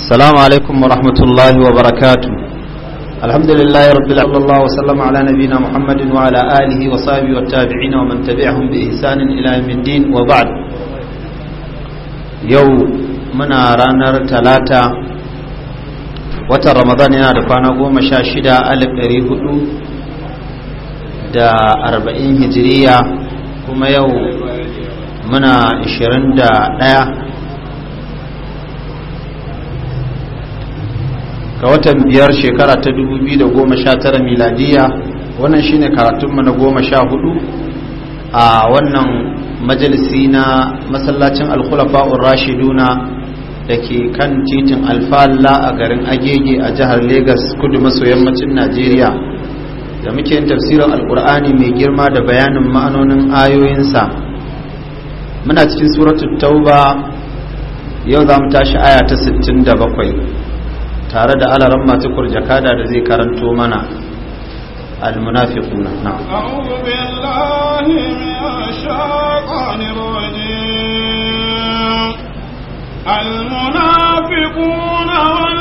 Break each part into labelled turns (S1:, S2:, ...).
S1: السلام عليكم ورحمة الله وبركاته الحمد لله رب العالمين الله وسلم على نبينا محمد وعلى آله وصحبه والتابعين ومن تبعهم بإحسان إلى يوم الدين وبعد يو منا رانر ثلاثة watan ramadan yana da kwana goma sha shida alif ɗari hudu da arba'in hijiriya kuma yau muna ishirin da ɗaya ga watan biyar shekara ta 2019 miladiya wannan shine karatunmu na goma sha hudu a wannan majalisi na masallacin alkhulafa'ur rashiduna da ke kan titin alfalla a garin agege a jihar Legas kudu maso yammacin najeriya da muke yin tafsirin alkur'ani mai girma da bayanin ma'anonin ayoyinsa muna cikin suratul tauba yau za mu tashi aya ta 67 tare da alaran masu kurjakada da zai karanto mana almunafiquna na
S2: a'udhu billahi minash shaitanir rajim almunafiquna wal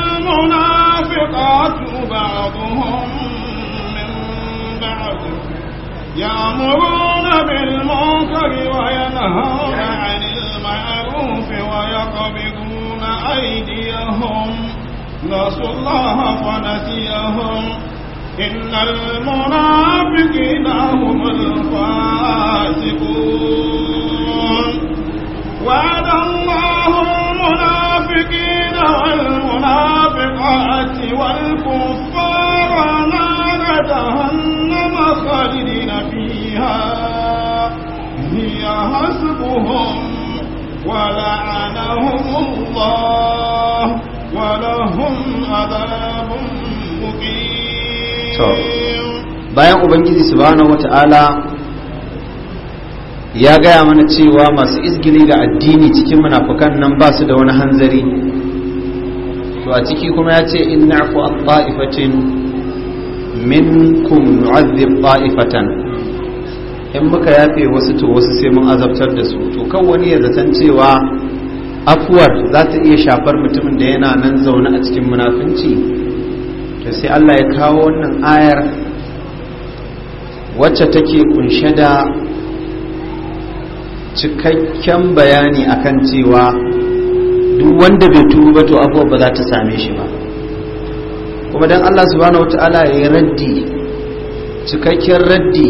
S2: نسوا الله فنسيهم إن المنافقين هم الفاسقون وعد الله المنافقين والمنافقات والكفار نار جهنم خالدين فيها هي حسبهم ولعنهم الله
S3: to
S1: bayan ubangiji subhanahu wata'ala ya gaya mana cewa masu izgili da addini cikin munafukan nan ba su da wani hanzari to a ciki kuma ya ce in na'fu at-ta'ifatin minkum nu'adhib ta'ifatan in muka yafe wasu to wasu sai mun azabtar da su to kan wani ya zatan cewa afuwar za ta iya shafar mutumin da yana nan zaune a cikin munafunci ta sai Allah ya kawo wannan ayar wacce take kunshe da cikakken bayani akan cewa duk wanda bai ba to afuwar ba za ta same shi ba kuma don Allah subhanahu wataala ya yi raddi cikakken raddi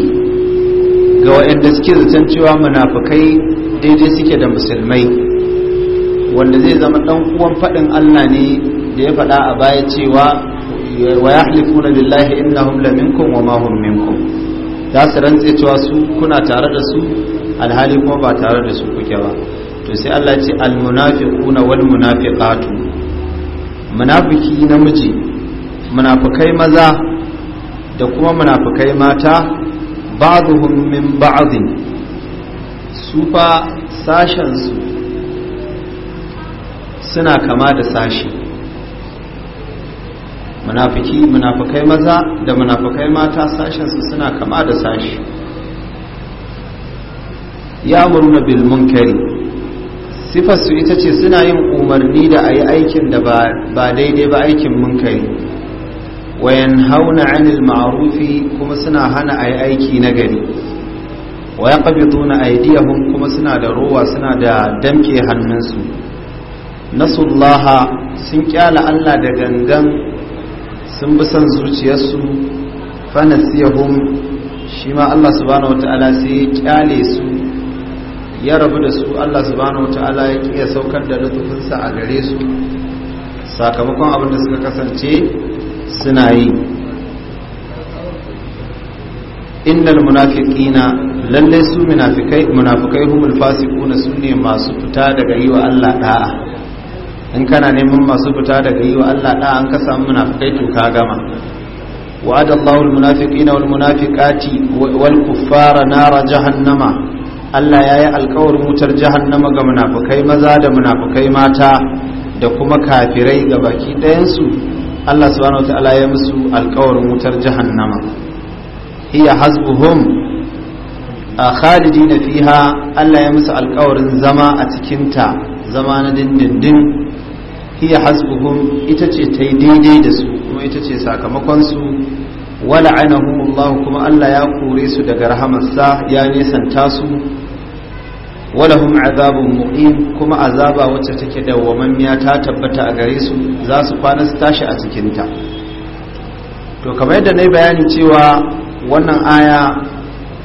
S1: ga waɗanda suke zaton cewa munafukai daidai suke da musulmai wanda zai zama dan uwan fadin Allah ne da ya faɗa a baya cewa wa na billahi inna la minkum wa ma hum minkum za su rantse cewa su kuna tare da su alhali kuma ba tare da su kuke ba to sai Allah ce almunafiquna wal munafiqatu munafiki namiji munafikai maza da kuma munafikai mata ba'dhum min ba'd su fa sashen su suna kama da sashi munafiki munafikai maza da munafikai mata sashensu suna kama da sashi ya murna bil munkari su ita ce suna yin umarni da a yi aikin da ba daidai ba aikin munkari wayan hauna anil ma'arufi kuma suna hana a yi aiki na gari wayan ƙabituna aidiyahun kuma suna da rowa suna da damke hannunsu nasullaha sun kyala Allah da gangan sun bi son zuciyarsu fanasiyahum shi ma Allah subhanahu wata'ala sai ya kyale su ya rabu da su Allah subhanahu wata'ala ya kiya saukar da lutufinsa a gare su sakamakon abin da suka kasance suna yi innal munafiqina lalle su munafikai munafikai humul fasiquna sunne masu fita daga yiwa Allah da'a in kana neman masu fita daga yi wa Allah da an ka samu munafikai to ka gama وعد wal المنافقين والمنافقات والكفار nara jahannama Allah ya yi alkawarin wutar jahannama ga munafikai maza da munafukai mata da kuma kafirai ga baki ɗayan su Allah subhanahu wa ta'ala ya musu alkawarin wutar jahannama hiya hasbuhum a khalidi na fiha Allah ya musu alkawarin zama a cikinta zama na dindindin hiya hasbuhum ita ce ta yi daidai da su kuma ita ce sakamakonsu wala anahumullahu kuma Allah ya kore su daga sa ya nisanta su wala hum azabun muqim kuma azaba wacce take dawwamammiya ta tabbata a gare su za su kwana su tashi a cikin ta? to kamar yadda nayi bayani cewa wannan aya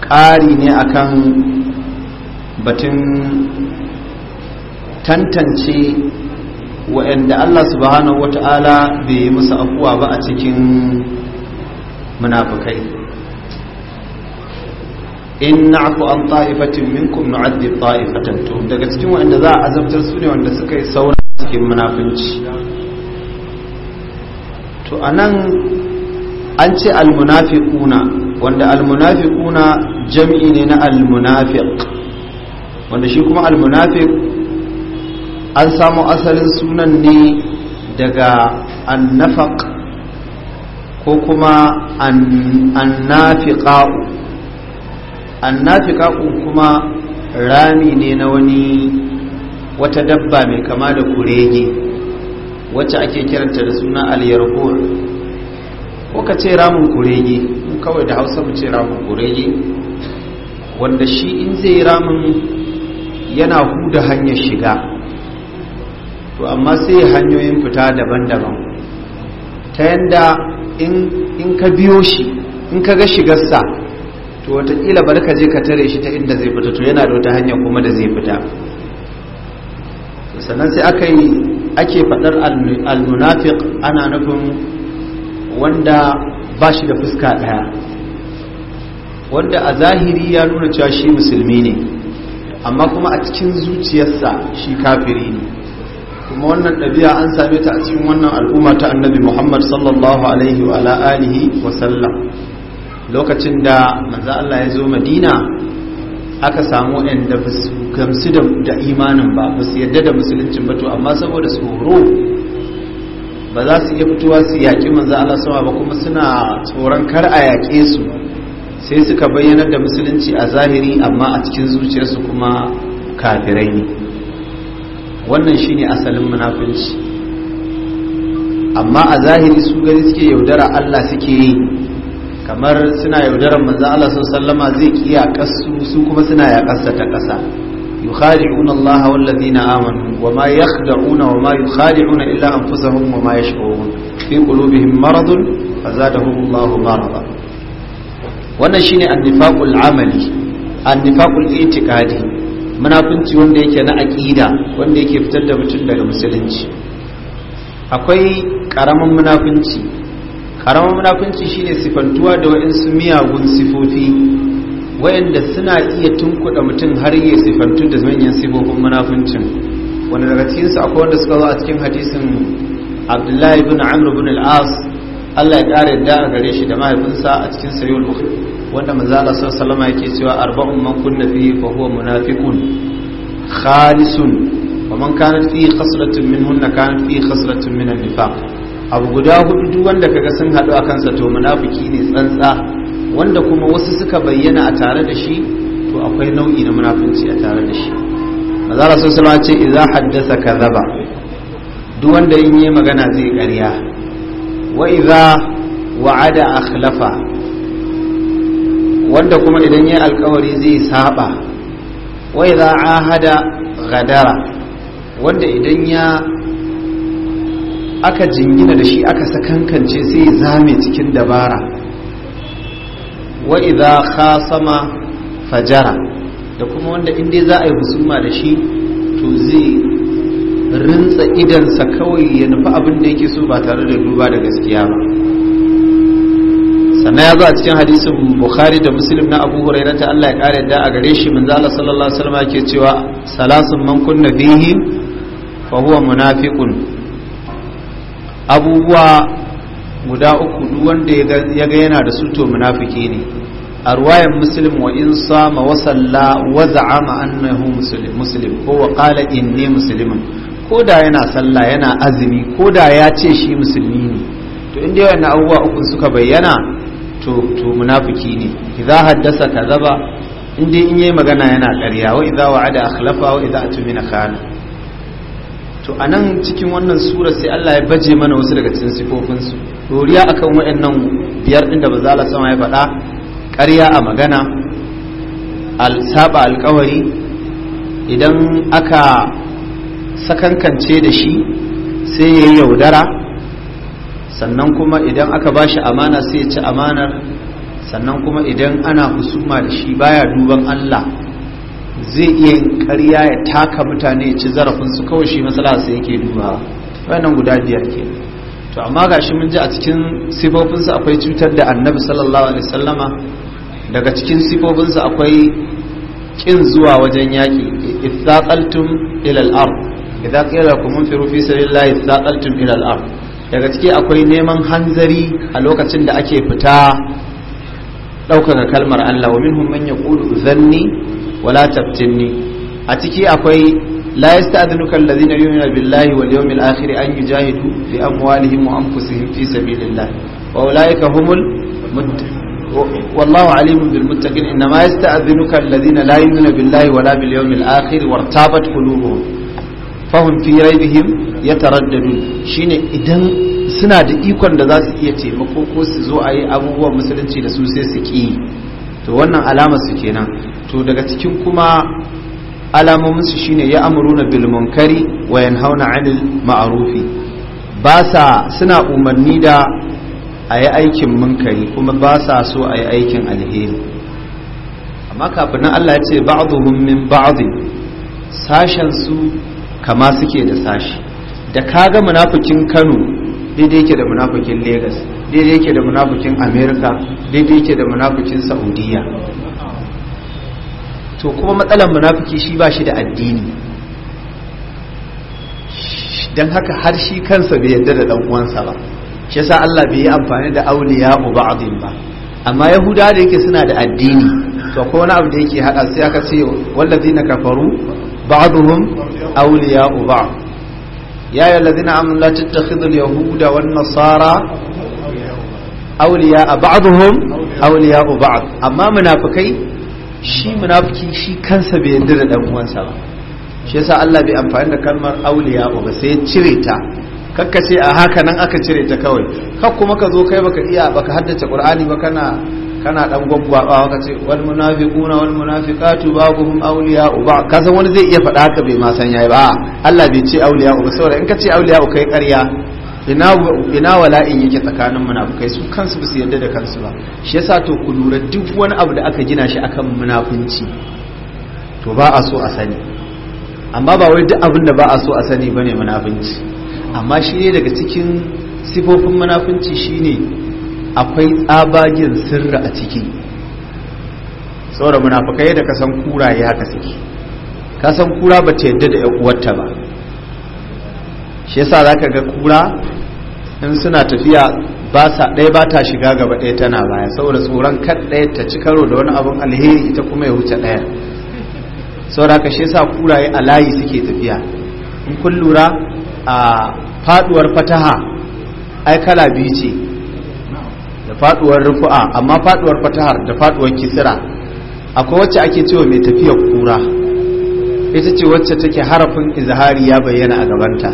S1: ƙari ne akan batun tantance wa'anda Allah subhanahu wata'ala bai yi musu afuwa ba a cikin munafukai in na na'fu an ta'ifatin minkum nu'adhib ta'ifatan to daga cikin wa'anda za a azabtar su ne wanda suka yi saura cikin munafunci to a nan an ce almunafiquna wanda almunafiquna jam'i ne na almunafiq wanda shi kuma almunafiq an samu asalin sunan ne daga annafaq ko kuma annafiqa'u annafiqa'u kuma rami ne na wani wata dabba mai kama da kurege wacce ake kiranta da suna al-yarqur ko ka ce ramin kurege kawai da hausa mu ce ramin kurege wanda shi in zai ramin yana huda hanyar shiga to amma sai hanyoyin fita daban-daban ta yanda in ka biyo shi in ka ga shigarsa to watakila bari ka je ka tare shi ta inda zai fita to yana da wata hanya kuma da zai fita sannan sai aka yi ake faɗar munafiq ana nufin wanda ba shi da fuska ɗaya wanda a zahiri ya nuna cewa shi musulmi ne amma kuma a cikin zuciyarsa shi kafiri ne kuma wannan ɗabi'a an same ta a cikin wannan al'umma ta annabi muhammad sallallahu alaihi wa alihi wa sallam lokacin da manzo Allah ya zo madina aka samu ɗan da basu gamsu da imanin ba basu yadda da musuluncin ba to amma saboda tsoro ba za su iya fitowa su yaƙi manzo Allah sama ba kuma suna tsoron kar a yaƙe su sai suka bayyana da musulunci a zahiri amma a cikin zuciyarsu kuma kafirai ne wannan shine asalin munafunci amma a zahiri su gani suke yaudara Allah suke yi kamar suna yaudarar manzo Allah sallama zai kiya kasu su kuma suna ya kasa ta kasa yukhadi'una Allah wal ladina amanu wama yakhda'una wama yukhadi'una illa anfusahum wama yash'urun fi qulubihim maradun fazadahum Allah marada wannan shine annifaqul amali annifaqul itiqadi munafunci wanda yake na aƙida wanda yake fitar da mutum daga musulunci akwai ƙaramin munafunci ƙaramin munafunci shine sifantuwa da waɗansu miyagun sifofi wayanda suna iya tunkuɗa mutum har yi sifantu da manyan sifofin munafuncin wanda daga cikinsu akwai wanda suka zo a cikin hadisin abdullahi bin amr bin al-as Allah ya ƙara da a gare shi da mahaifinsa a cikin sayo wanda manzala sallama yake cewa arba'un man kunna fihi fa huwa munafiqun khalisun wa man kanat fihi khaslatun minhunna kanat fihi khaslatun min an-nifaq abu guda hudu duk wanda kaga sun hadu akan sa to munafiki ne tsantsa wanda kuma wasu suka bayyana a tare da shi to akwai nau'i na munafunci a tare da shi manzala sallama ce idza haddasa kadhaba duk wanda in yi magana zai ƙarya wa idza wa'ada akhlafa wanda kuma idan ya alkawari zai saba wa idza ahada gadara wanda idan ya aka jingina da shi aka sakankance sai ya zame cikin dabara wa idza khasama fajara da kuma wanda inda za a yi husuma da shi to zai rintsa idansa kawai ya nufi abin da yake so ba tare da duba da gaskiya ba sannan ya zo a cikin hadisin bukhari da muslim na abu huraira ta allah ya kare da a gare shi manzo allah sallallahu alaihi wasallam ke cewa salasun man kunna bihi fa huwa abubuwa guda uku duk wanda ya ga yana da su to munafiki ne a ruwayan muslim wa in sama wa salla wa za'ama annahu muslim muslim ko wa qala inni muslimun ko da yana sallah yana azumi ko da ya ce shi musulmi ne to inda yawan abubuwa uku suka bayyana to to munafiki ne idza haddasa kazaba indai in yayi magana yana ƙarya wa idza wa'ada akhlafa wa idza atmina khana to anan cikin wannan sura sai Allah ya baje mana wasu daga cikin sifofin su doriya akan waɗannan biyar din da bazala sama ya faɗa ƙarya a magana al saba alƙawari idan aka sakankance da shi sai yayi yaudara sannan kuma idan aka ba shi amana sai ya ci amanar sannan kuma idan ana husuma da shi baya duban Allah zai iya ƙarya ya taka mutane ya ci su kawai shi matsala sai yake duba wannan guda biyar ke to amma gashi mun ji a cikin sifofinsa akwai cutar da annabi sallallahu alaihi wasallama daga cikin sifofinsa akwai kin zuwa wajen yaki qaltum ila al-ard idza qila lakum infiru fi sabilillahi qaltum ila al-ard daga ciki akwai neman hanzari a lokacin da ake fita ɗaukaka kalmar Allah wa minhum man yaqulu zanni wala taftinni a ciki akwai la yasta'dhinuka alladhina yu'minuna billahi wal yawmil akhir an yujahidu bi amwalihim wa anfusihim fi sabilillah wa ulaika humul والله عليم بالمتقين الذين لا يؤمنون بالله ولا باليوم وارتابت قلوبهم فهم في ريبهم ya taraddadu shine idan suna da ikon da za su iya taimako ko su zo a yi abubuwan musulunci da su sai su kiyi to wannan alama su kenan to daga cikin kuma alamomin shine ya amuruna bil munkari wa yanhauna 'anil ma'rufi ba sa suna umarni da a yi aikin munkari kuma ba sa so a yi aikin alheri amma kafin nan Allah ya ce ba'dhum min ba'adu sashen su kama suke da sashi da ka ga munafikin Kano daidai yake da munafikin Lagos daidai yake da munafikin America daidai yake da munafikin Saudiya to kuma matsalar munafiki shi ba shi da addini don haka har shi kansa bai yarda da dan uwansa ba shi yasa Allah bai yi amfani da auliya ba'dhin ba amma yahuda da yake suna da addini to ko wani abu da yake hada sai aka ce na kafaru ba'dhum auliya ba'd يا أيها الذين آمنوا لا تتخذوا اليهود والنصارى أولياء بعضهم أولياء بعض أما منافقي شي منافقي شي كنسا بيدر الأموان سوا shi yasa Allah bai amfani da kalmar auliya ba sai cire ta kakka ce a haka nan aka cire ta kawai Kar kuma ka zo kai baka iya baka haddace Qur'ani ba kana kana dan gwaggwaba ka ce wal munafiquna wal munafiqatu ba'dhum awliya ba ka san wani zai iya faɗa haka bai ma san yayi ba Allah bai ce awliya ba saboda in ka ce awliya kai ƙarya ina ina wala'in yake tsakanin munafikai su kansu ba su yadda da kansu ba shi yasa to ku lura duk wani abu da aka gina shi akan munafunci to ba a so a sani amma ba wai duk abin da ba a so a sani bane munafunci amma shi ne daga cikin sifofin munafunci shine akwai tsabagin sirri a ciki saboda munafukai da kasan kura ya haka suke kasan kura ba ta yadda da uwarta ba shi yasa za ka ga kura in suna tafiya ba sa ɗaya ba ta shiga gaba ɗaya tana baya saboda tsoron kan ɗaya ta ci karo da wani abin alheri ita kuma ya wuce ɗaya saboda ka shi yasa kuraye a layi suke tafiya in kun lura a faduwar fataha ai kala biyu ce da faduwar rufu'a amma faduwar fatahar da faduwar kisira akwai wacce ake cewa mai tafiyar kura ita ce wacce take harafin izhari ya bayyana a gabanta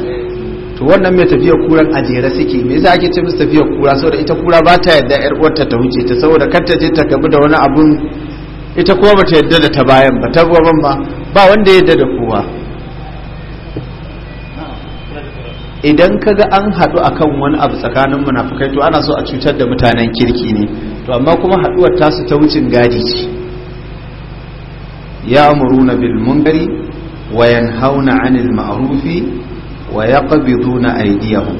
S1: to wannan mai tafiyar kura a jere suke me yasa ake ce musu tafiyar kura saboda ita kura ba ta yadda yar uwarta ta wuce ta saboda kar ta je ta gabu da wani abun ita kuma ba ta yadda da ta bayan ba ta gaban ba ba wanda ya yadda da kowa idan ka ga an haɗu a kan wani abu tsakanin munafukai to ana so a cutar da mutanen kirki ne to amma kuma haɗuwar tasu ta wucin gadi ce ya amuruna bil munkari wa yanhauna anil ma'arufi wa ya na aidiyahu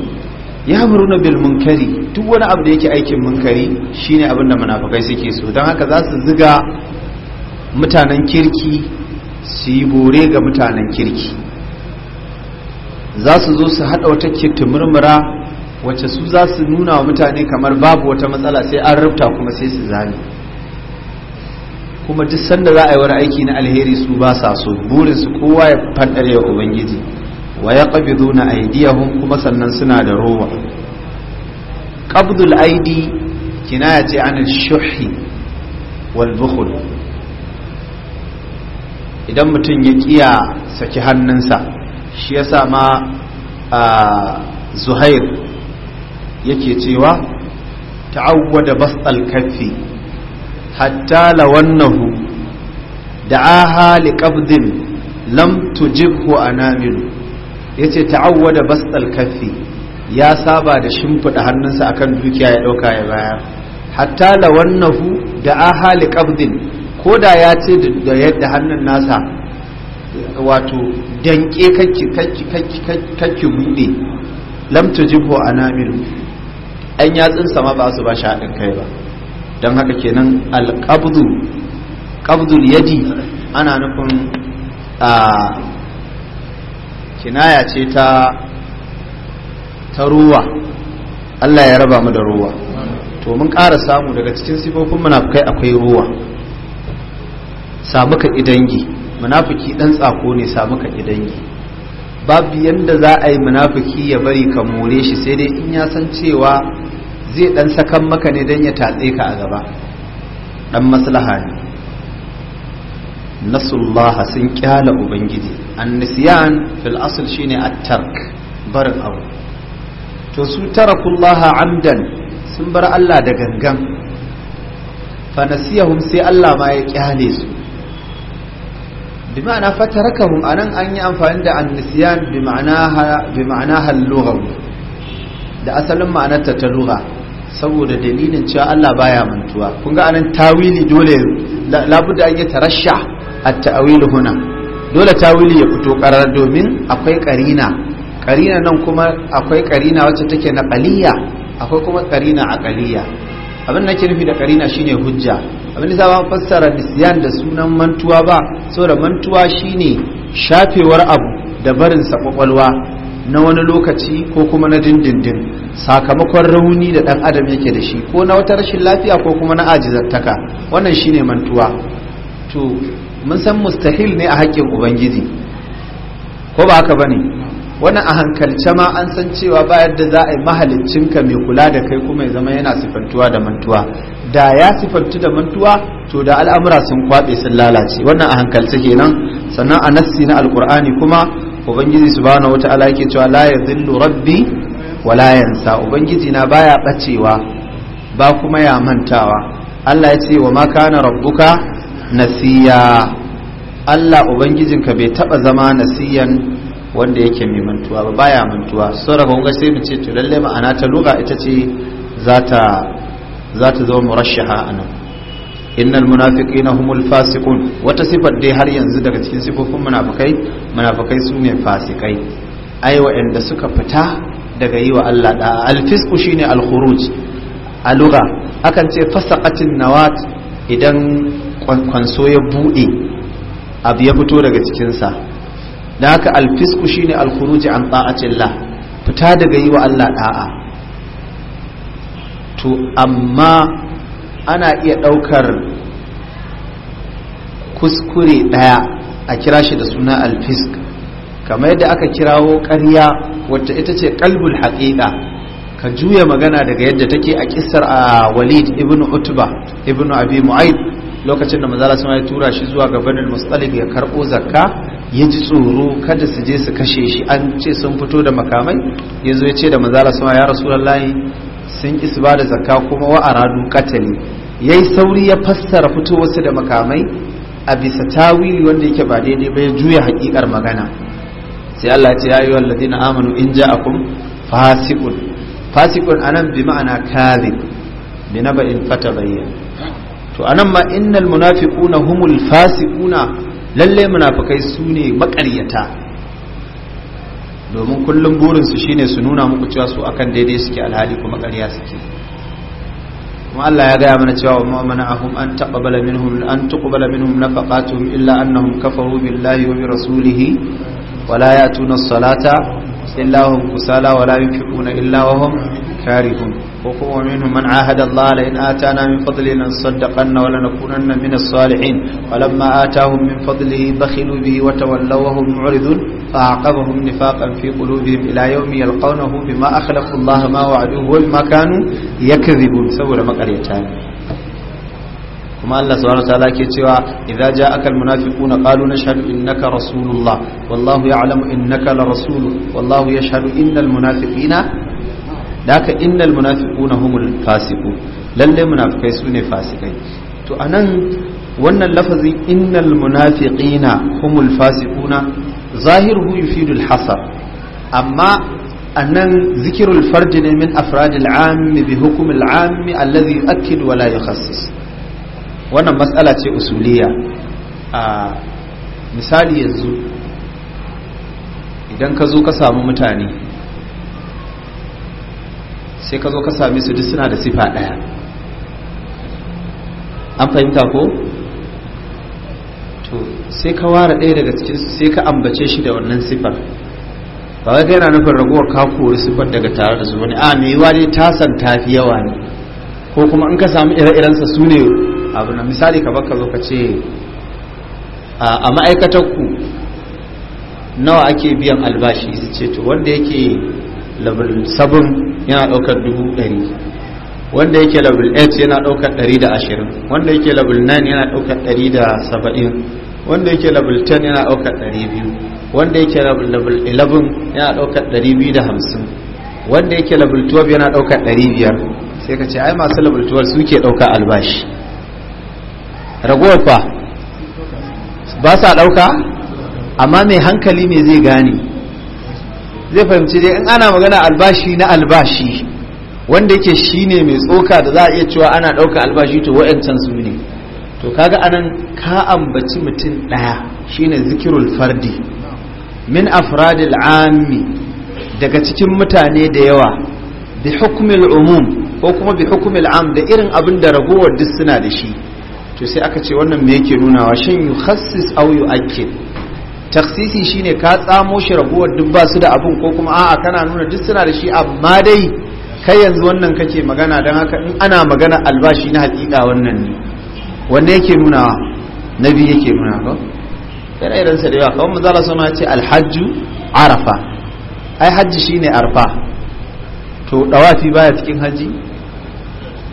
S1: ya na bilmun kari duk wani abu da yake aikin munkari shine abin da munafukai suke so don haka za su ziga mutanen kirki su yi bore ga mutanen kirki za su zo su haɗa wata tumurmura wacce su za su nuna wa mutane kamar babu wata matsala sai an rubta kuma sai su zane kuma duk sanda za a yi wani aiki na alheri su ba sa so burin su kowa ya faɗaɗe wa ubangiji wa ya ƙabidu na aidiyahun kuma sannan suna da rowa ƙabdul aidi kinaya ce an shuhi wal bukhul idan mutum ya ƙiya saki hannunsa shi ya sa ma zuhair yake cewa ta'awwada basal kafi hatta da wannahu lawannahu a liqabdin lam ce ta yace ta'awwada basal kafi ya saba da shimfiɗa hannunsa a kan dukiya ya ɗauka ya baya. hatta da wannahu lawannahu da'aha ko da ya ce da yadda hannun nasa wato danke kakki kakki kakki kakki bude lam tujibu anamil an yatsin sama ba su ba shi haɗin kai ba don haka kenan alqabdu qabdul yadi ana nufin a kinaya ce ta ta ruwa Allah ya raba mu da ruwa to mun ƙara samu daga cikin sifofin munafukai akwai ruwa samu ka idangi munafiki dan tsako ne samu ka yi. babu yanda za a yi munafiki ya bari ka more shi sai dai in ya san cewa zai dan sakan maka ne dan ya tatse ka a gaba dan maslaha ne nasullaha sun kyala ubangiji annisiyan fil asl shine at-tark barin abu to su tarakullaha amdan sun bar Allah da gangan fa nasiyahum sai Allah ma ya kyale su bi ma'ana fatarakahum anan an yi amfani da annisiyan bi ma'ana da asalin ma'anarta ta lura saboda dalilin cewa Allah baya mantuwa kun ga anan tawili dole labudda an yi tarasha at-ta'wil huna dole tawili ya fito karar domin akwai karina karina nan kuma akwai karina wacce take naqaliya akwai kuma karina aqaliya abin na ke nufi da karina shine hujja abin da ba fassara siyan da sunan mantuwa ba saboda mantuwa shine shafewar abu da barin sa kwakwalwa na wani lokaci ko kuma na dindindin sakamakon rauni da dan adam yake da shi ko na wata rashin lafiya ko kuma na ajizattaka wannan shine mantuwa to mun san mustahil ne a haƙƙin ubangiji ko ba haka bane wannan a hankalce ma an san cewa ba yadda za a yi mahalicinka mai kula da kai kuma ya zama yana sifantuwa da mantuwa da ya sifantu da mantuwa to da al'amura sun kwaɓe sun lalace wannan a hankalce kenan sannan a nassi na alkur'ani kuma ubangiji subhanahu wata'ala yake cewa la yadhillu rabbi wa la yansa ubangiji na baya bacewa ba kuma ya mantawa Allah ya ce wa ma kana rabbuka nasiya Allah ubangijinka bai taba zama nasiyan wanda yake mai mantuwa ba baya mantuwa sarrafa kun sai mu ce to lalle ma'ana ta lugha ita ce za ta za zama murashaha anan innal munafiqina humul fasiqun wata sifar dai har yanzu daga cikin sifofin munafikai munafikai su ne fasikai ai waɗanda suka fita daga yi wa Allah da alfisku shine alkhuruj a lugha akan ce fasaqatin nawat idan kwanso ya bude abu ya fito daga cikinsa da haka alfisku shine alkhuruji an Allah fita daga yi wa Allah da'a to amma ana iya ɗaukar kuskure ɗaya a kira shi da suna alfisk kamar yadda aka kirawo ƙarya wacce ita ce kalbul haƙiƙa ka juya magana daga yadda take a kissar a walid ibn utba ibn abi mu'ayyib lokacin da manzala sama ya tura shi zuwa gabanin mustalik ya karɓo zakka ya ji tsoro kada su je su kashe shi an ce sun fito da makamai ya zo ya ce da mazala suna ya rasu rasulallahi sun ki su ba da zakka kuma wa radu katali ya yi sauri ya fassara fito wasu da makamai a bisa tawili wanda yake ba daidai ba ya juya hakikar magana sai Allah ce ya yi wa ladina amanu in ja a kun fasikun fasikun a nan bi ma'ana kadhib bi na ba in fata bayyana to nan ma innal munafiquna humul fasikuna. lalle munafikai su ne makaryata domin kullum burinsu shine su nuna muku cewa su akan daidai suke alhali kuma karya suke kuma Allah ya gaya mana cewa wa mana'ahum an taqbala minhum an tuqbala minhum nafaqatuhum illa annahum kafaru billahi wa bi rasulihi wa la yatuna as-salata illahu wala wa la yunfiquna illa wa karihun wa kuma minhum man ahada Allah la in atana min fadli lan saddaqanna wa lanakunanna min as-salihin wa lamma atahum min fadlihi bakhilu bihi wa tawallaw wa hum mu'ridun fa aqabahum nifaqan fi qulubihim ila yawmi yalqawnahu bima akhlafa Allah ma wa'aduhu wa bima kanu yakdhibun saboda makaryata ne kuma Allah subhanahu wa ta'ala ke cewa idza ja'aka almunafiquna qalu nashhadu innaka rasulullah wallahu ya'lamu innaka la rasulu wallahu yashhadu innal munafiqina daka innal munafiquna humul fasiqun lalle munafikai sune fasikai to anan wannan lafazi innal munafiqina humul fasiquna zahiruhu yufidu alhasar amma أن ذكر الفرد من أفراد العام بحكم العام الذي يؤكد ولا يخصص wannan matsala ce usuliya a misali yanzu idan ka zo ka samu mutane sai ka zo ka sami su duk suna da sifa ɗaya an fahimta ko? to sai ka ware ɗaya daga cikin sai ka ambace shi da wannan sifar ba wai na nufin ragowar ka kori sifar daga tare da su wani a mai wani tasan tafi yawa ne ko kuma in ka samu ire-irensa su ne abu na misali ka baka zo ka ce a ma'aikatarku nawa ake biyan albashi su ce to wanda yake level 7 yana daukar 100 wanda yake level 8 yana daukar 120 wanda yake level 9 yana daukar 170 wanda yake level 10 yana daukar 200 wanda yake level 11 yana daukar 250 wanda yake level 12 yana daukar 500 sai ka ce ai masu level 12 suke dauka albashi ragowar fa ba sa ɗauka amma mai hankali mai zai gane zai fahimci dai in ana magana albashi na albashi wanda yake shi ne mai tsoka da za a iya cewa ana ɗauka albashi to wa'yancan su ne to kaga anan ka ambaci mutum ɗaya shine zikirul fardi min afradil ammi daga cikin mutane da yawa bi hukumil umum ko kuma bi hukumil am da irin abin da ragowar duk suna da shi to sai aka ce wannan me yake nunawa yu khassis aw akid taksisi shine ka tsamo shi raguwar duk ba su da abin ko kuma a'a kana nuna duk suna da shi amma dai kai yanzu wannan kake magana don haka in ana magana albashi na hakika wannan ne wanne yake nunawa nabi yake nuna ba yana irin sa da yawa kawai manzala sama ce alhajju arafa ai hajji shine arfa to dawafi baya cikin haji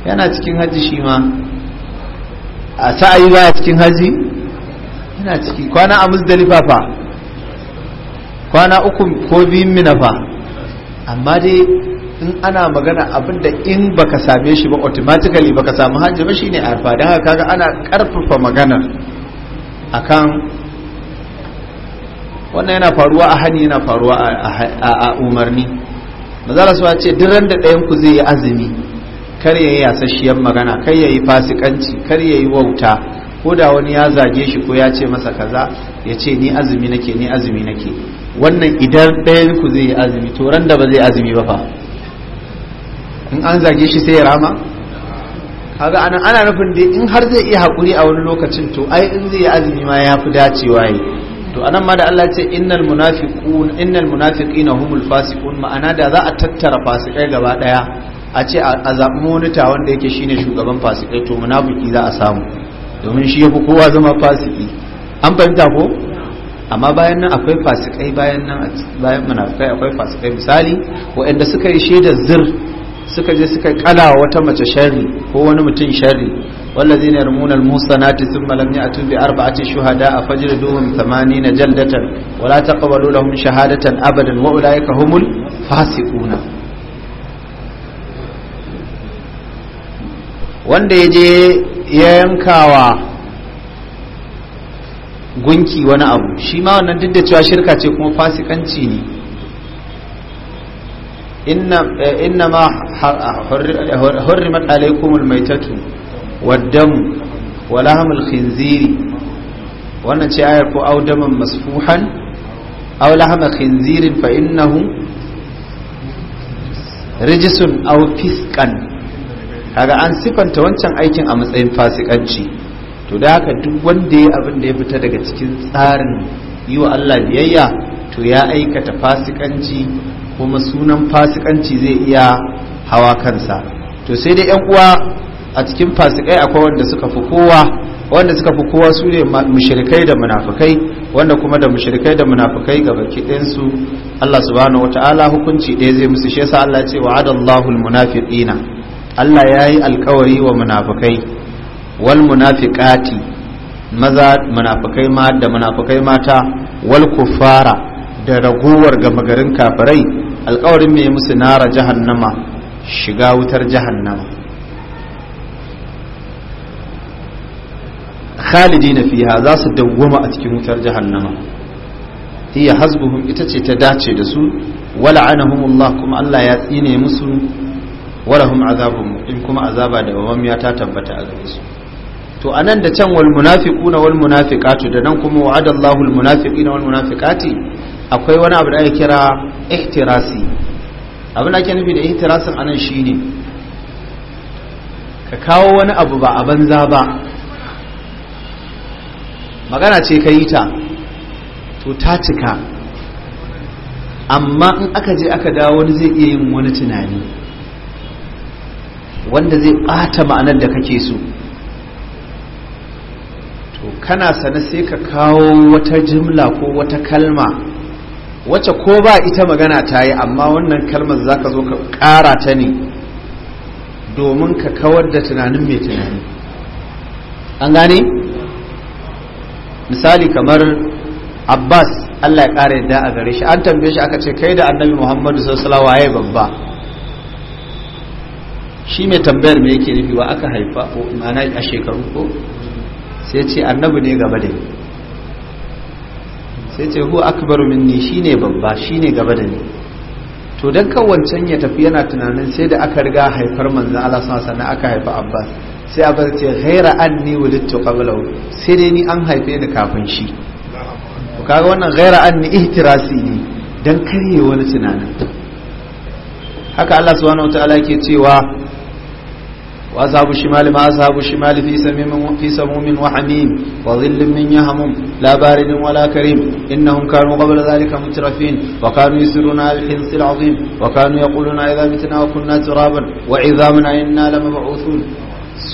S1: yana cikin haji shi ma a sa'ayi baya cikin haji yana ciki kwana a musdalifa fa kwana uku ko biyun mina fa amma dai in ana magana abinda in baka same shi ba automatically baka samu hajji ba shine arfa don haka kaga ana karfafa maganar akan wannan yana faruwa a hani yana faruwa a umarni mazala su ce duk da ɗayan ku zai yi azumi kar ya yi yasasshiyar magana kar ya yi fasikanci kar ya yi wauta ko da wani ya zage shi ko ya ce masa kaza ya ce ni azumi nake ni azumi nake wannan idan ɗayan ku zai yi azumi to ran da ba zai azumi ba fa in an zage shi sai ya rama kaga anan ana nufin dai in har zai iya hakuri a wani lokacin to ai in zai yi azumi ma ya fi dacewa yi to anan ma da Allah ce innal munafiqun innal munafiqina humul fasiqun ma'ana da za a tattara fasikai gaba daya a ce a zaɓi monita wanda yake shine shugaban fasikai to munafiki za a samu domin shi fi kowa zama fasiki an fahimta ko amma bayan nan akwai fasikai bayan nan bayan munafikai akwai fasikai misali waɗanda suka yi shaidar zir suka je suka kala wata mace sharri ko wani mutum sharri a ce المحصنات a لم يأتوا بأربعة na فاجلدوهم wala ta kawalo تقبلوا لهم شهادة wa'ula ya kahumul الفاسقون wanda ya je ya yankawa gunki wani abu shi ma wannan duk da cewa shirka ce kuma fasikanci ne inna eh, ma hurrimat alaikumul maitatu waddamu wa lahamul khinziri wannan ce ayar ko audaman masfuhan aw lahama khinzirin fa innahu rijisun aw fiskan kaga an sifanta wancan aikin a matsayin fasikanci to da haka duk wanda ya abin da ya fita daga cikin tsarin yi wa Allah biyayya to ya aikata fasikanci kuma sunan fasikanci zai iya hawa kansa to sai dai yan uwa a cikin fasikai akwai wanda suka fi kowa wanda suka fi kowa su ne mushrikai da munafikai wanda kuma da mushrikai da munafikai ga baki su Allah subhanahu wataala hukunci ɗaya zai musu shi yasa Allah ya ce wa'adallahu almunafiqina Allah ya yi alkawari wa munafukai wal munafiqati maza munafukai ma da munafukai mata wal kufara da ragowar garin kafirai alkawarin mai musu nara jahannama shiga wutar jahannama khalidina fiha za su dawwama a cikin wutar jahannama hiya hasbuhum ita ce ta dace da su wala'anahumullah kuma Allah ya tsine musu walahum azabun In kuma azaba da ya ta tabbata a gare su to anan da can wal munafiquna wal munafiqatu da nan kuma wa'adallahu al munafiqina wal munafiqati akwai wani abu da ake kira ihtirasi abin da ake nufi da ihtirasin anan shine ka kawo wani abu ba a banza ba magana ce ka yi ta to ta cika amma in aka je aka dawo wani zai iya yin wani tunani wanda zai ɓata ma'anar da kake so to kana sane sai ka kawo wata jimla ko wata kalma wacce ko ba ita magana ta yi amma wannan kalmar za ka zo ka ƙara ta ne domin ka kawar da tunanin mai tunani an gane misali kamar abbas allah ya ƙara yadda a gare shi an tambaye shi aka ce kai da annabi muhammadu sallallahu alaihi babba shi mai tambayar me yake nufi wa aka haifa ko mana a shekaru ko sai ce annabi ne gaba da ni sai ce hu akbaru minni shine babba shine gaba da ni to dan kan wancan ya tafi yana tunanin sai da aka riga haifar manzon Allah sallallahu alaihi aka haifa Abbas sai Abbas ce ghaira anni wulidtu qablahu sai dai ni an haife ni kafin shi to kaga wannan ghaira anni ihtirasi ne dan karye wani tunanin haka Allah subhanahu wataala yake cewa وأصحاب الشمال ما أصحاب الشمال في سموم في سموم وحميم وظل من يهمم لا بارد ولا كريم إنهم كانوا قبل ذلك مترفين وكانوا يسرون على الحنص العظيم وكانوا يقولون إذا متنا وكنا ترابا وعظامنا إنا لمبعوثون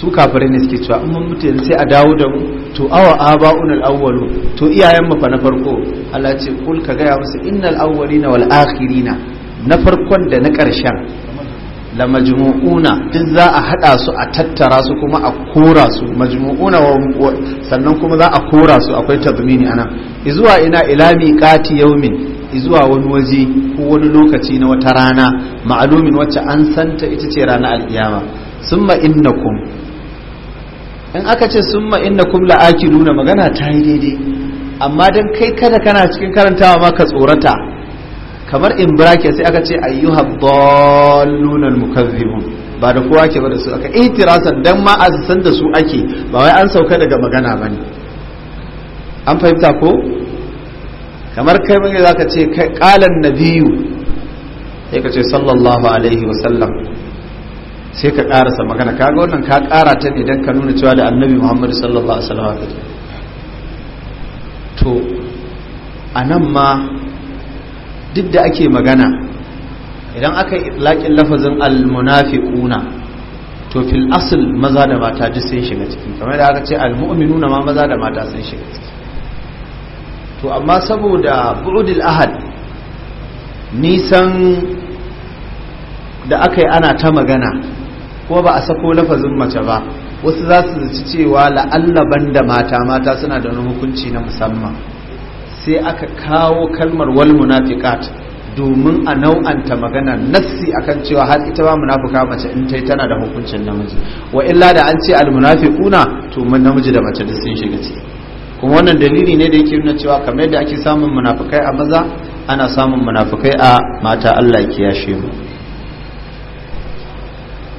S1: su kafirai ne suke cewa in mun mutu sai a dawo da mu to awa aba'un al-awwalu to iyayen mu fa na farko Allah ce kul ka ga ya musu innal awwalina wal akhirina na farkon da na ƙarshen la majmu'una duk za a hada su a tattara su kuma a kora su majmu'una sannan kuma za a kora su akwai tazmini ana izuwa ina ila miqati yawmin izuwa wani waje ko wani lokaci na wata rana ma'alumin wacce an santa ita ce ranar alkiyama summa innakum in aka ce summa innakum la'akiluna magana ta yi daidai amma dan kai kada kana cikin karantawa ma ka tsorata kamar in brake sai aka ce ayyuha dallunal mukazzibun ba da kowa ke ba da su aka itirasan dan ma azisan da su ake ba wai an sauka daga magana ne an fahimta ko kamar kai bane zaka ce na nabiyyu sai ka ce sallallahu alaihi wa sallam sai ka karasa magana kaga wannan ka kara ta ne dan ka nuna cewa da annabi Muhammad sallallahu alaihi wa sallam to anan ma duk da ake magana idan aka yi laƙin lafazin almunafiquna to fil asl maza da mata duk sun shiga ciki kamar da aka ce almu'minuna ma maza da mata sun shiga ciki to amma saboda bu'udil ahad nisan da aka yi ana ta magana kuma ba a sako lafazin mace ba wasu za su zaci cewa la'alla da mata mata suna da wani hukunci na musamman sai aka kawo kalmar wal munafiqat domin a nau'anta magana nassi akan cewa har ita ba munafika mace in tai tana da hukuncin namiji wa illa da an ce al munafiquna to mun namiji da mace duk sun shiga ciki kuma wannan dalili ne da yake nuna cewa kamar yadda ake samun munafukai a maza ana samun munafukai a mata Allah ya yashe mu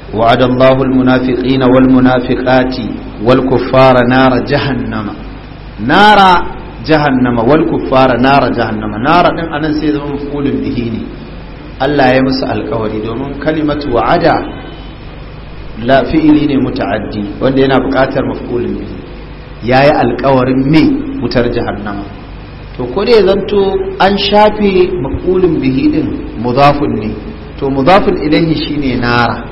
S1: وعد الله المنافقين والمنافقات والكفار نار جهنم نار jahannama wal kuffara nara jahannama nara din anan sai zama mafulun bihi ne Allah ya musu alkawari domin kalimatu wa'ada la fi'ili ne muta'addi wanda yana buƙatar mafulun bihi yayi alkawarin me mutar jahannama to ko dai zanto an shafe mafulun bihi din mudafun ne to mudafun ilayhi shine nara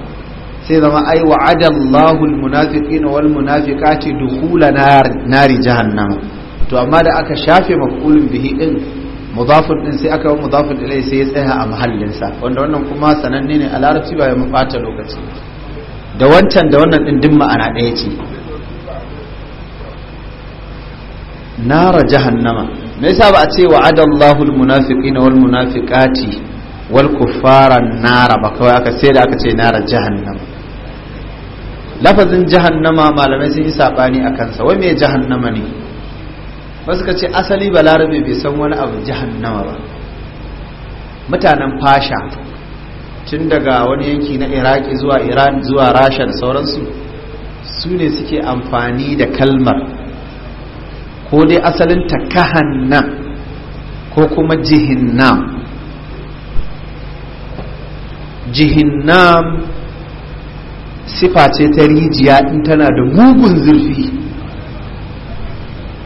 S1: sai zama ai wa'ada Allahul munafiqina wal munafiqati dukhula nar nari jahannama to amma da aka shafe maf'ulun bihi din mudafun din sai aka yi mudafun ilai sai ya tsaya a mahallin wanda wannan kuma sananne ne a larabci ba ya bata lokaci da wancan da wannan din din ma'ana ɗaya ce nara jahannama me yasa ba a ce wa adallahu almunafiqina wal munafiqati wal kuffara nara ba kawai aka sai da aka ce nara jahannama lafazin jahannama malamai sun yi sabani akan sa wai me jahannama ne wasu ka ce asali balarabe bai san wani abu jihannama ba mutanen fasha tun daga wani yanki na iraki zuwa iran zuwa rasha da sauransu su ne suke amfani da kalmar ko dai asalin ta ko kuma jihinnam jihinnam sifa ce ta rijiya in tana da mugun zurfi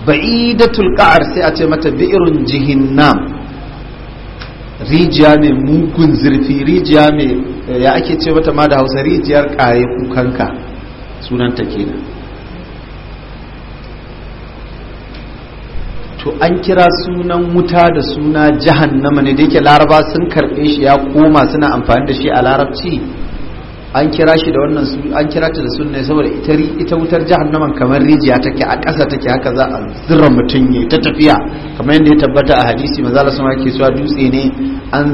S1: ba'idatul tulƙa'ar sai a ce mata bi'irun jihinnam rijiya mai mugun zurfi rijiya mai ya ake ce mata ma da hausa rijiyar kaye kukanka ta kenan to an kira sunan wuta da suna jahannama ne da yake laraba sun karbe shi ya koma suna amfani da shi a larabci an kira shi da wannan su an kira ta da sunna saboda ita ita wutar jahannaman kamar rijiya take a ƙasa take haka za a zira mutum yayi ta tafiya kamar yadda ya tabbata a hadisi manzo Allah sama yake cewa dutse ne an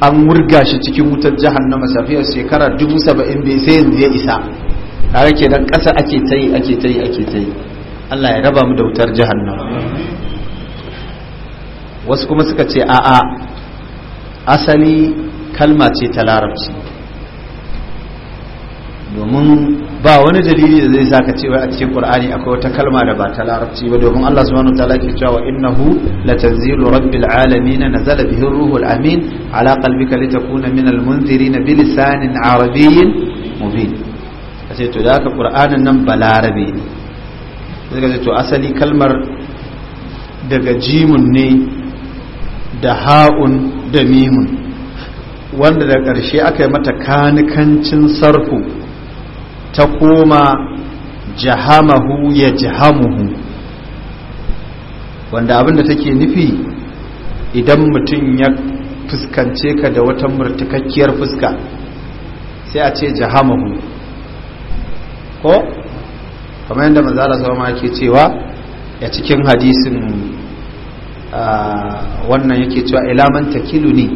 S1: an wurga shi cikin wutar jahannama safiyar shekara 70 bai sai yanzu ya isa tare ke dan ƙasa ake tayi ake tayi ake tayi Allah ya raba mu da wutar jahannama wasu kuma suka ce a'a asali kalma ce ta larabci domin ba wani dalili da zai saka cewa a cikin qur'ani akwai wata kalma da ba ta larabci ba domin Allah subhanahu wataala ke cewa innahu latanzilu rabbil alamin nazala bihi ruhul amin ala qalbika litakuna min al munzirin bi lisanin arabiyyin mubin sai to da haka qur'anin nan ba larabi ne sai to asali kalmar daga jimun ne da ha'un da mimun wanda da ƙarshe aka yi mata kanikancin sarfu ta koma jahamahu ya jahamuhu wanda abinda take nufi idan mutum ya fuskance ka da wata murtakakkiyar fuska sai a ce jahamahu ko kamar yadda mazala ma ke cewa ya cikin hadisin wannan yake cewa ilaman takilu ne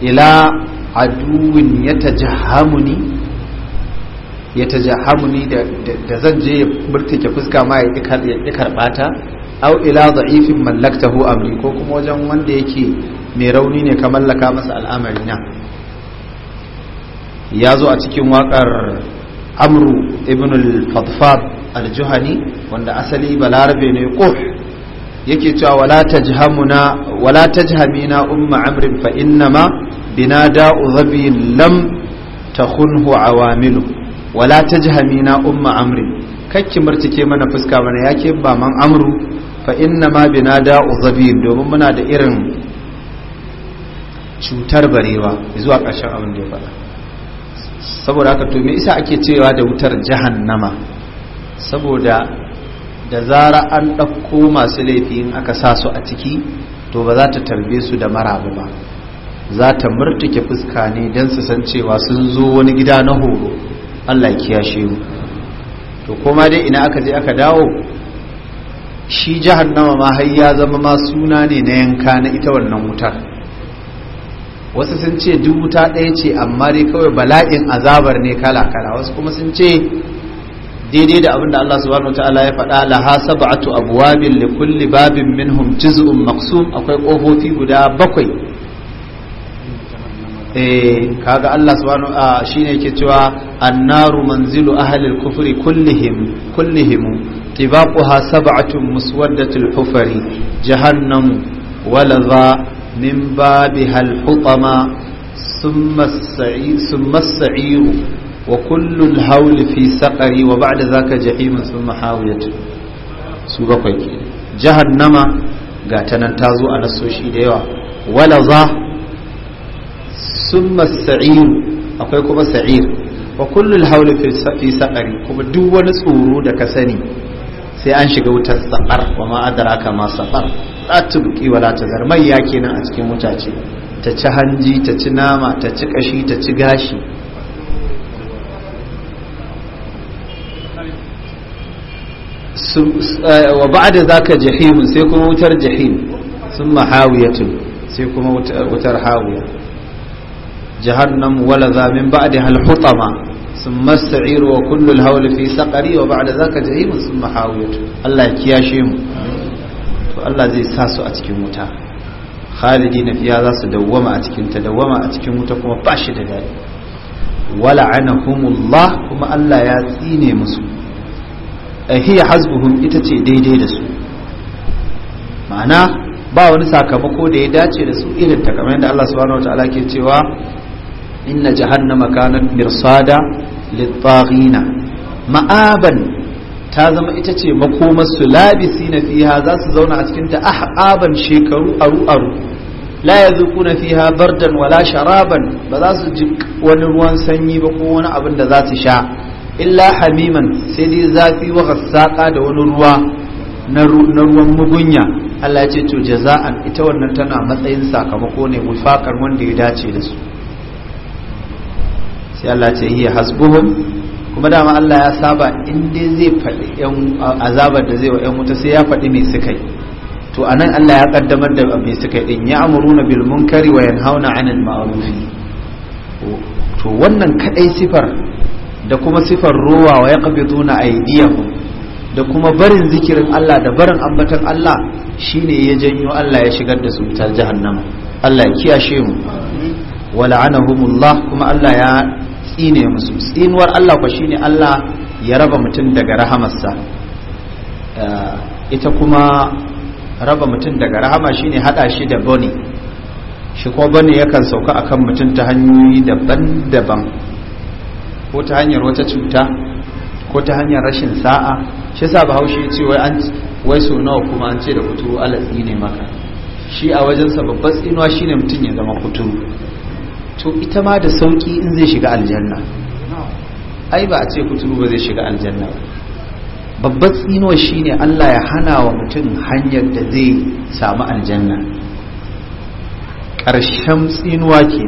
S1: ila aduwin ya ta jahamu ne ya ta jahamuni da zan je ya burtike fuska ma ya karɓa ta au ila za'ifin mallaktahu amri ko kuma wajen wanda yake mai rauni ne ka mallaka masa al'amari na ya zo a cikin waƙar amru ibn al-fadfad al-juhani wanda asali balarabe ne ko yake cewa wala tajhamuna wala tajhamina umma amrin fa innama bina da'u dhabi lam takhunhu awamilu wala ta Hamina umma amri kakki murtike mana fuska mana yake ba man amru fa inna ma bina da uzabi domin muna da irin cutar barewa zuwa ƙarshen abin da ya faɗa saboda haka to me isa ake cewa da wutar nama. saboda da zara an ɗauko masu laifi in aka sa su a ciki to ba za ta tarbe su da marabu ba za ta murtuke fuska ne don su san cewa sun zo wani gida na horo Allah kiyashe mu to kuma dai ina aka je aka dawo shi jahannama ma har ya zama ma suna ne na yanka na ita wannan wutar wasu sun ce duk wuta ɗaya ce amma dai kawai bala'in azabar ne kala kala wasu kuma sun ce daidai da abin da Allah subhanahu wataala ya faɗa laha sab'atu abwabin li kulli babin minhum juz'un maqsum akwai kofofi guda bakwai Eh, kaga Allah subhanahu a ah, shine yake cewa annaru manzilu ahlil kufri kullihim kullihim tibaquha sab'atun muswaddatul hufari jahannam walaza min babihal hutama thumma as-sa'ir wa kullu al-hawl fi saqari wa ba'da zaka jahim thumma hawiyat su bakwai jahannama ga tanan tazo a nasoshi da yawa walaza ثم السعير akwai kuma sa'ir wa kullul hawli fi sa'ari kuma duk wani tsoro da ka sani sai an shiga wutar sa'ar wa ma adraka ma sa'ar za ta wa wala tazar mai ya kenan a cikin wuta ce ta ci hanji ta ci nama ta ci kashi ta ci gashi eh, wa ba'da zaka jahim sai kuma wutar jahim sun hawiyatun sai kuma wutar hawiyatun جهنم ولذا من بعدها الحطمة ثم السعير وكل الهول في سقري وبعد ذاك جهيم ثم حاوية الله يكياشيم الله زي ساسو أتكي موتا خالدين فيها ذا سدوما أتكي تدوما أتكي موتا كما باشد ذلك ولعنهم الله كما الله ياتيني مسو هي حزبهم إتتي دي دي دسو معناه ba wani sakamako da ya dace da su irin ta kamar yadda Allah subhanahu wataala ke cewa inna jahannama kanat mirsada littaghina ma'aban ta zama ita ce makomarsu labisi na fiha za su zauna a cikin ta ahaban shekaru aru aru la na fiha bardan wala sharaban ba za su ji wani ruwan sanyi ba ko wani abin da za su sha illa hamiman sai dai zafi wa gassaka da wani ruwa na ruwan mugunya Allah ya ce to jaza'an ita wannan tana matsayin sakamako ne wifakar wanda ya dace da su sai Allah ce hiya hasbuhum kuma dama Allah ya saba in zai faɗi yan azabar da zai wa yan wuta sai ya faɗi mai suka yi to anan Allah ya kaddamar da mai suka yi din ya amuruna bil munkari wa yanhauna 'anil ma'ruf to wannan kaɗai sifar da kuma sifar ruwa wa yaqbiduna aydiyahum da kuma barin zikirin Allah da barin ambatan Allah shine ya janyo Allah ya shigar da su ta jahannama Allah ya kiyashe mu wa wala'anahumullah kuma Allah ya tsine musu tsinuwar Allah kwa shine Allah ya raba mutum daga rahamarsa eh, ita kuma raba mutum daga rahama shine hada shi da boni shi ko boni yakan sauka akan mutum ta hanyoyi daban-daban ko ta hanyar wata cuta ko ta hanyar rashin sa'a shi sa bahaushe ya ce wai an wai so nawa kuma an ce da kuturu alatsi ne maka shi a wajensa babbar tsinuwa shine mutum ya zama kuturu to ita ma da sauki in zai shiga aljanna ai ba a ce kuturu ba zai shiga aljanna ba babbar tsinuwa ne Allah ya hana wa mutum hanyar da zai samu aljanna ƙarshen tsinuwa ke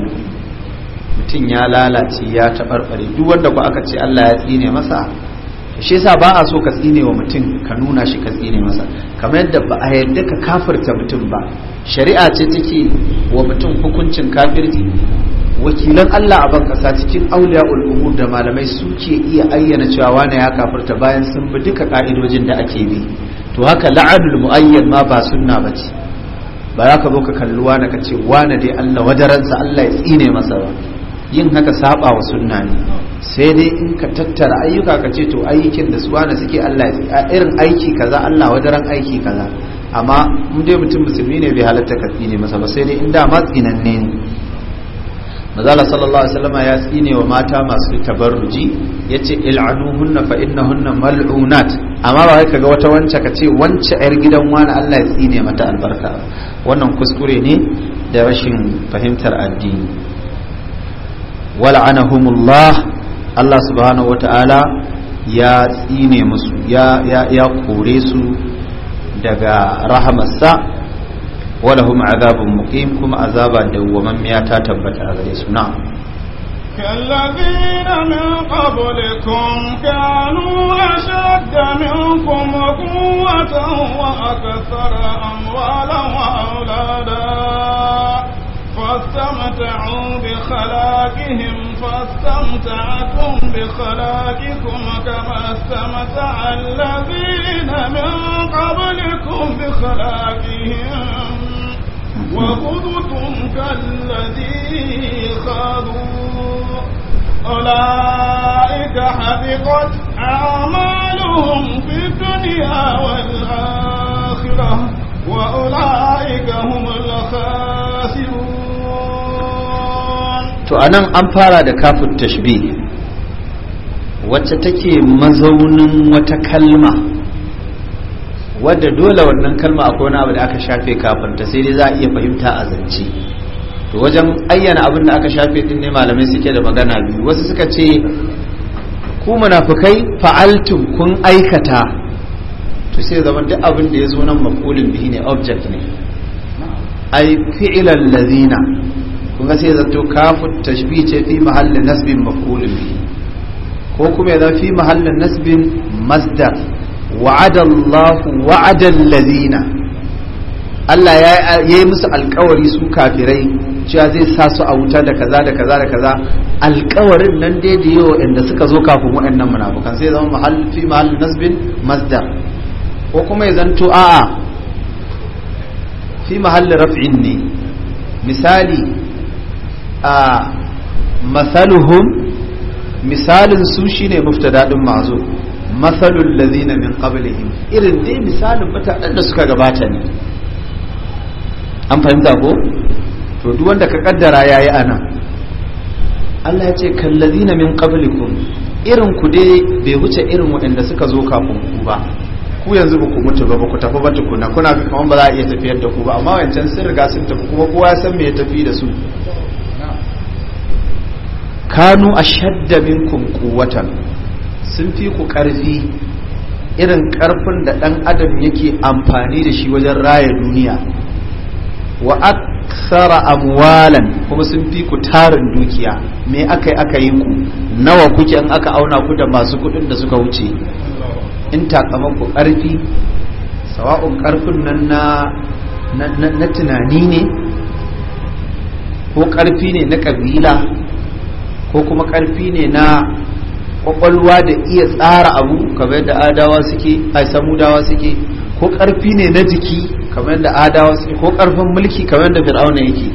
S1: mutum ya lalace ya taɓarɓare duk wanda ku aka ce Allah ya tsine masa shi yasa ba a so ka tsine wa mutum ka nuna shi ka tsine masa kamar yadda ba a yarda ka kafirta mutum ba shari'a ce take wa mutum hukuncin kafirci wakilan Allah a ban kasa cikin auliya ulumur da malamai suke iya ayyana cewa wane ya kafarta bayan sun bi duka ka'idojin da ake bi to haka la'adul mu'ayyan ma ba sunna ce ba za ka zo ka kalli wane ka ce wane dai Allah wadaransa Allah ya tsine masa ba yin haka saba wa sunna ne sai dai in ka tattara ayyuka ka ce to ayyukin da su wane suke Allah ya irin aiki kaza Allah wadaran aiki kaza amma in dai mutum musulmi ne bai halatta ka tsine masa ba sai dai in da ma tsinanne ne mazala sallallahu alaihi wasallama ya tsine wa mata masu tabarruji yace il'anuhunna fa innahunna mal'unat amma ba ka ga wata wance ka ce wance yar gidan wani Allah ya tsine mata albarka wannan kuskure ne da rashin fahimtar addini wal'anahumullah Allah subhanahu wata'ala ya tsine musu ya ya kore su daga rahamarsa ولهم عذاب مقيم كما عذاب ومن مياتا تبت على يسنا نعم.
S2: كالذين من قبلكم كانوا أشد منكم قوة وأكثر أموالا وأولادا فاستمتعوا بخلاقهم فاستمتعتم بخلاقكم كما استمتع الذين من قبلكم بخلاقهم وخذتم كالذي خاضوا أولئك حبقت أعمالهم في الدنيا والآخرة وأولئك هم الخاسرون
S1: فأنا anan دكاف التشبيه da kafin tashbih wacce take mazaunin wata kalma wadda dole wannan kalma a wani abu da aka shafe kafin ta sai dai za a iya fahimta a zance to wajen ayyana abin da aka shafe din ne malamai suke da magana biyu wasu suka ce ku munafikai fa'altum kun aikata to sai zaman duk abin da ya zo nan maf'ulin bihi ne object ne ai fi'ilal lazina kun ga sai zato kafu tashbih ce fi mahallin nasbin maf'ulin bihi ko kuma ya fi mahallin nasbin masdar wa'adallahu wa'adal ladina Allah ya yi musu alkawari su kafirai cewa zai sa su a wuta da kaza da kaza da kaza alkawarin nan dai da yawa inda suka zo kafin waɗannan munafukan sai zama mahal fi mahal nasbin mazda. ko kuma ya zanto a'a fi mahal raf'in ne misali a masaluhum misalin su shine muftada din ma'zuf masalul lazina min qablihim irin dai misalin mutanen da suka gabata ne an fahimta ko to duk wanda ka kaddara yayi anan Allah ya ce lazina min qablikum irin ku dai bai wuce irin waɗanda suka zo kafin ku ba ku yanzu ba ku mutu ba ku tafi ba tukuna kuna ga kaman ba za a iya tafiyar da ku ba amma wancan sun riga sun tafi kuma kowa ya san me ya tafi da su kanu ashadda minkum quwwatan sun fi ku ƙarfi irin ƙarfin da ɗan adam yake amfani da shi wajen raya duniya wa aksara amwalan kuma sun fi ku tarin dukiya me aka yi aka yi ku nawa kuke in aka auna ku da masu kuɗin da suka wuce in takaman ku ƙarfi sawa'un ƙarfin nan na tunani ne ko ƙarfi ne na ƙabila ko kuma ƙarfi ne na kwakwalwa da iya tsara abu kamar yadda adawa suke ai dawa suke ko karfi ne na jiki kamar yadda adawa suke ko karfin mulki kamar yadda fir'auna yake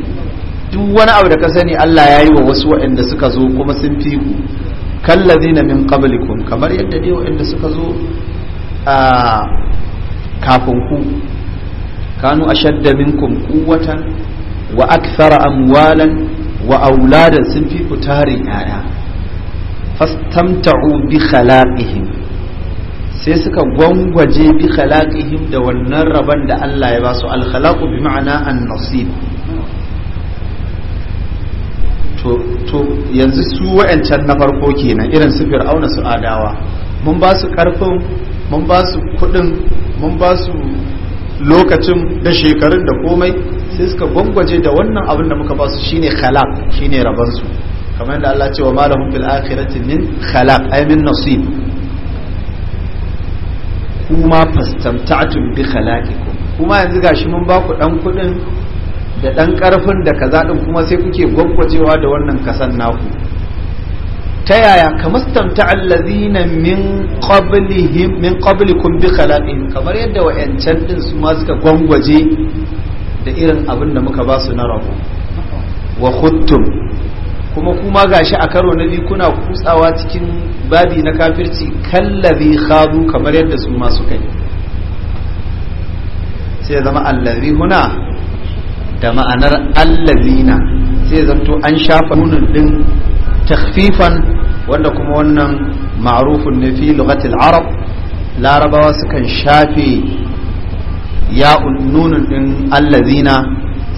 S1: duk wani abu da ka sani Allah ya yi wa wasu waɗanda suka zo kuma sun fi ku kallazina min qablikum kamar yadda dai waɗanda suka zo a kafin ku kanu ashadda minkum quwwatan wa akthara amwalan wa auladan sun fi ku tarin yaya fastamta'u bi khalaqihim sai suka gwangwaje bi khalaqihim da wannan rabon da Allah ya ba su al khalaqu bi ma'ana an nasib to to yanzu su wayancan na farko kenan irin su fir'auna su adawa mun ba su karfin mun ba su kudin mun ba su lokacin da shekarun da komai sai suka gwangwaje da wannan abin da muka ba su shine khalaq shine rabansu su kamar da Allah ce wa malahum fil akhirati min khalaq ay min nasib kuma fastamta'tum bi khalaqikum kuma yanzu gashi mun ba ku dan kudin da dan karfin da kaza din kuma sai kuke gwaggwajewa da wannan kasan naku ta yaya kamastamta allazina min qablihim min qablikum bi khalaqihim kamar yadda wayancan din su ma suka gwangwaje da irin abin da muka ba su na rabo wa khuttum kuma kuma gashi a karo na biyu kuna kutsawa cikin babi na kafirci kallabi khadu kamar yadda su masu kai sai zama allazi huna da ma'anar allazina sai zanto an shafa nunin din takhfifan wanda kuma wannan ma'rufun ne fi lughatil arab larabawa sukan shafe ya nunin din allazina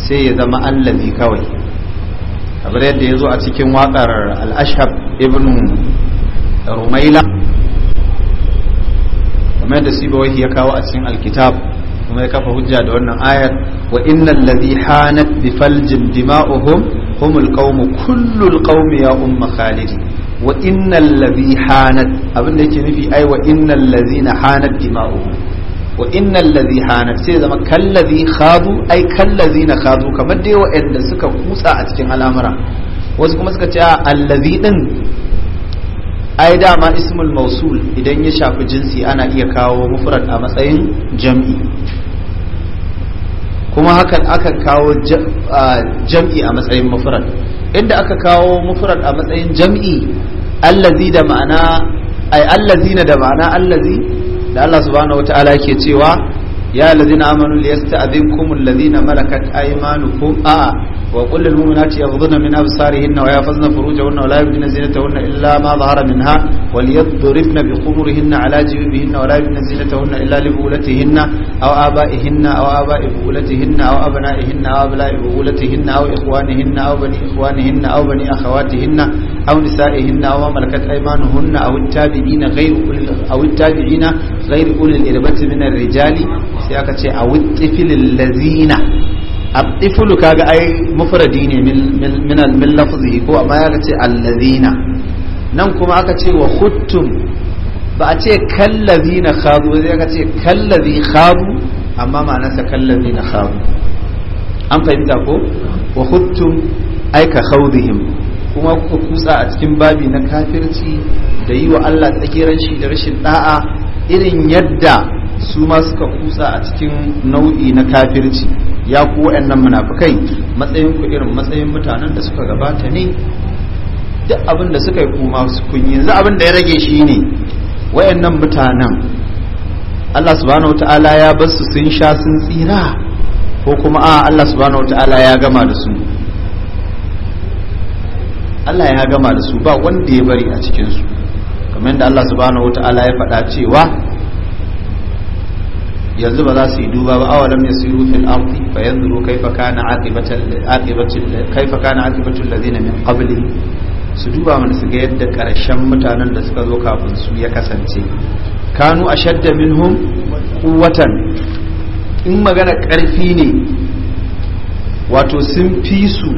S1: sai ya zama allazi kawai kamar yadda ya zo a cikin waƙar al'ashab ibn rumaila kuma yadda sibawai ya kawo a cikin alkitab kuma ya kafa hujja da wannan ayar wa innan ladhi hanat bi faljin dima'uhum humul qawmu kullul qawmi ya umma khalid wa innan ladhi hanat abin da yake nufi ai wa innal na hanat dima'uhum wa innal ladhi hanat sai zama kallazi khadu ai kallazi na khadu kamar dai waɗanda suka kutsa a cikin al'amura wasu kuma suka ce allazi din ai dama ismul mausul idan ya shafi jinsi ana iya kawo mufrad a matsayin jam'i kuma hakan akan kawo jam'i a matsayin mufrad inda aka kawo mufrad a matsayin jam'i allazi da ma'ana ai allazina da ma'ana allazi da Allah subhanahu wataala ke cewa ya lazina amanu liyasta'dhinkum lazina malakat aymanukum a وقل للمؤمنات يغضن من أبصارهن ويحفظن فروجهن ولا يبدن زينتهن إلا ما ظهر منها وليضربن بخمرهن على جيوبهن ولا يبدن زينتهن إلا لبولتهن أو آبائهن أو آباء بولتهن أو أبنائهن أو أبناء بولتهن أو إخوانهن أو بني إخوانهن أو بني أخواتهن أو نسائهن أو ملكت أيمانهن أو التابعين غير أو التابعين غير أولي الإربة من الرجال سيأكد أو الطفل الذين الطفل كاغا اي مفردين من من من, من لفظه هو ما يغتي الذين نن كما aka ce wa khuttum ba a ce kallazina khadu aka ce kallazi khadu amma ma'anarsa kallazina khadu an fahimta ko wa khuttum ay ka kuma ku kutsa a cikin babi na kafirci da yi wa Allah tsakiran da rashin da'a irin yadda su ma suka kusa a cikin nau'i na kafirci ya ku wa'annan munafikai matsayin ku irin matsayin mutanen da suka gabata ne duk abin da suka yi kuma su kun yanzu abin da ya rage shi ne wa'annan mutanen Allah subhanahu wataala ya bar su sun sha sun tsira ko kuma a Allah subhanahu wataala ya gama da su Allah ya gama da su ba wanda ya bari a cikin su kamar yadda Allah subhanahu wataala ya faɗa cewa yanzu ba za su yi duba ba awalam siru fil ardi fayanzuru kaifa kana aqibatul aqibatul kaifa kana aqibatul ladina min qablihim su duba mana su ga yadda karshen mutanen da suka zo kafin su ya kasance kanu ashadda minhum quwwatan in magana karfi ne wato sun fi su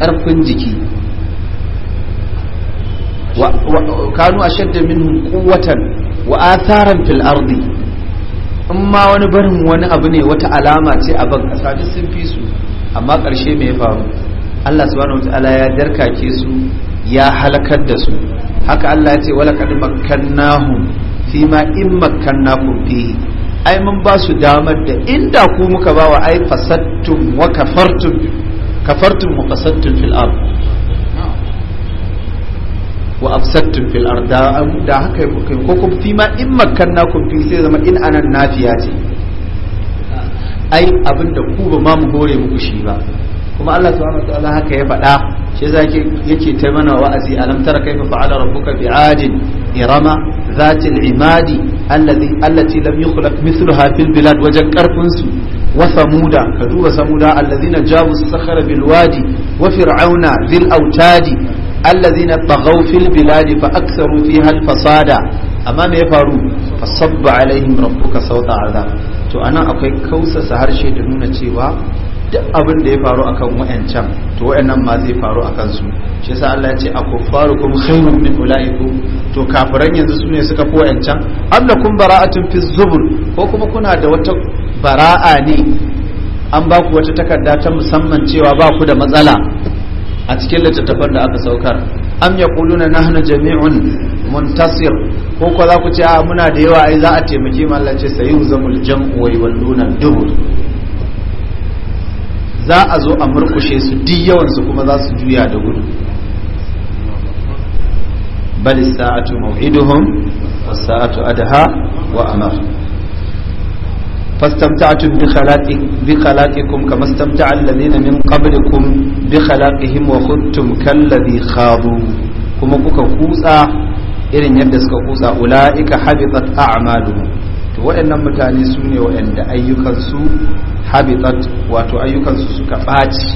S1: karfin jiki kanu ashadda minhum quwwatan wa atharan fil ardi in ma wani barin wani abu ne wata alama ce a ban kasa duk sun fi su amma ƙarshe mai faru Allah subhanahu wataala ya darkake su ya halakar da su haka Allah ya ce wala kad makkannahum fi ma in makkannakum fi? ai mun ba su damar da inda ku muka bawa ai fasattum wa kafartum kafartum wa fasattum fil ard wa afsattum fil arda da haka kai ko kuma fi ma in kun fi sai zama in anan nafiya ce ai abinda ku ba ma mu gore muku shi ba kuma Allah subhanahu wa ta'ala haka ya faɗa shi zaki yake ta mana wa'azi alam tara kaifa fa'ala rabbuka bi'adin irama ذات العماد الذي التي لم يخلق مثلها في البلاد وجن كرفنسو وثمودا samuda ثمودا الذين جابوا الصخر بالوادي وفرعون ذي الأوتاد allazina taghaw fil biladi fa aktharu fiha al fasada amma me ya faru fasabba alaihim rabbuka sawta azab to anan akwai kausasa harshe da nuna cewa duk abin da ya faru akan wayancan to wayannan ma zai faru a kansu shi sa Allah ya ce akuffarukum khairun min ulaikum to kafiran yanzu su ne suka fi wayancan am lakum bara'atun fi zubur ko kuma kuna da wata bara'a ne an ba ku wata takarda ta musamman cewa ba ku da matsala a cikin littattafan da aka saukar am ya kuluna nahnu jami'un muntasir ko ko za ku ce a muna da yawa ai za a taimaki. mu Allah ce sayu zamul jam'u wa yawluna dubu. za a zo a murkushe su duk yawan su kuma za su juya da gudu bal sa'atu maw'iduhum was sa'atu adha wa amar فاستمتعتم بخلاقكم بخلاقكم كما استمتع الذين من قبلكم بخلاقهم وخذتم كالذي خاضوا كما كوكا كوسا irin yadda suka kusa ula'ika habitat a'maluhum to waɗannan mutane su ne waɗanda ayyukansu habitat wato ayyukansu suka ɓaci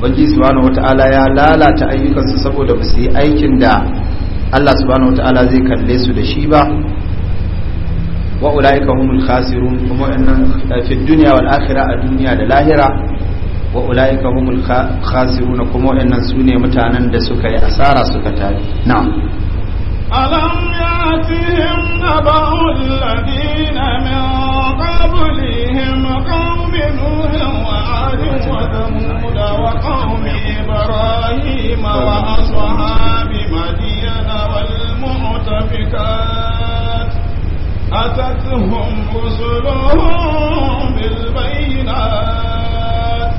S1: banji subhanahu wata'ala ya lalata ayyukansu saboda ba su yi aikin da Allah subhanahu wata'ala zai kalle su da shi ba wa ulaika humul khasirun kuma wannan fi dunya wal akhirah a duniya da lahira wa ulaika humul khasirun kuma wannan sune mutanen da suka yi asara suka tare na'am
S2: alam yatihim naba'ul ladina min qablihim qawmi nuhin wa 'adin wa thamud wa qawmi ibrahim wa ashabi madyan wal mu'tafikat أتتهم رسلهم بالبينات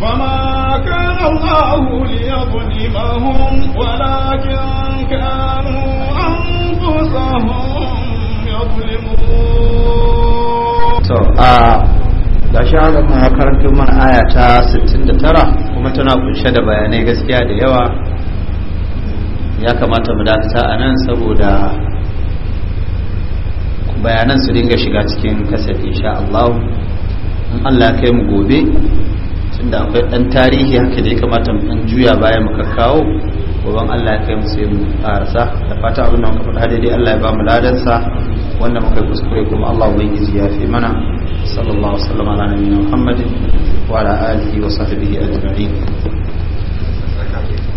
S2: فما كان الله ليظلمهم ولكن كانوا أنفسهم يظلمون
S1: da shi haka kuma karanta mana aya ta 69 kuma tana kunshe da bayanai gaskiya da yawa ya kamata mu dakata a nan saboda bayanan su dinga shiga cikin kasafi sha Allah in Allah ya kai mu gobe tunda akwai dan tarihi haka da ya kamata mu dan juya baya mu kakkawo goban Allah ya kai mu sai mu karasa da fata abin da muka faɗa daidai Allah ya ba mu sa wanda muka kuskure kuma Allah yi ya fi mana sallallahu alaihi wasallam ala nabiyina Muhammad wa ala alihi wa sahbihi ajma'in